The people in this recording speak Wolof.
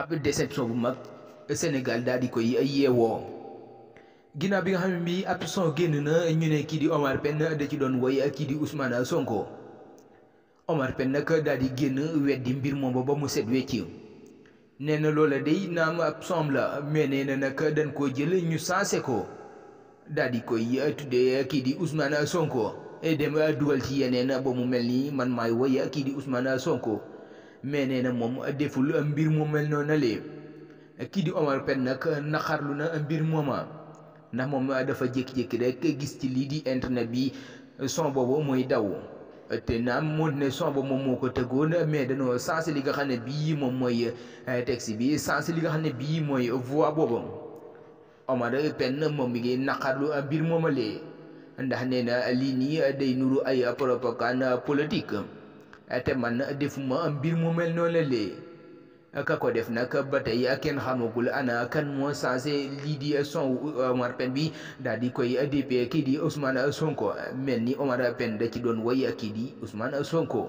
ab déception bu mag Sénégal daal di koy yeewoo ginnaaw bi nga xam ne bi ab son génn na ñu ne kii di Omar Pène da ci doon woy ak kii di Ousmane Sonko Omar Pène nag daal di génn weddi mbir moom ba ba mu set wecci nee na loola day naam ab som la mais nee na nag dañ koo jël ñu sansé ko daal di koy tuddee kii di Ousmane Sonko et dem dugal ci yeneen ba mu mel ni man maay woy kii di Ousmane Sonko mais nee na moom deful mbir moom mel noonu lee kii di Omar Pène nag naxarlu na mbir mooma ndax moom dafa jékki-jékki rek gis ci lii di internet bi son boobu mooy daw te naa moo ne son boobu moom moo ko tëggoon mais danoo sensé li nga xam ne bii moom mooy eh, texte bi sensé li nga xam ne bii mooy voix boobu Omar Pène moom mi ngi naxarlu mbir mooma lee ndax nee na lii nii day nuru ay propagande politique. te man defuma mbir mu mel noonu lee ka ko def nag ba tey kenn xamagul ana kan moo sensé lii di son euh, Omar Pène bi daal di koy déppee kii di Ousmane Sonko mel ni Omar Pène da ci doon woy kii di Ousmane Sonko.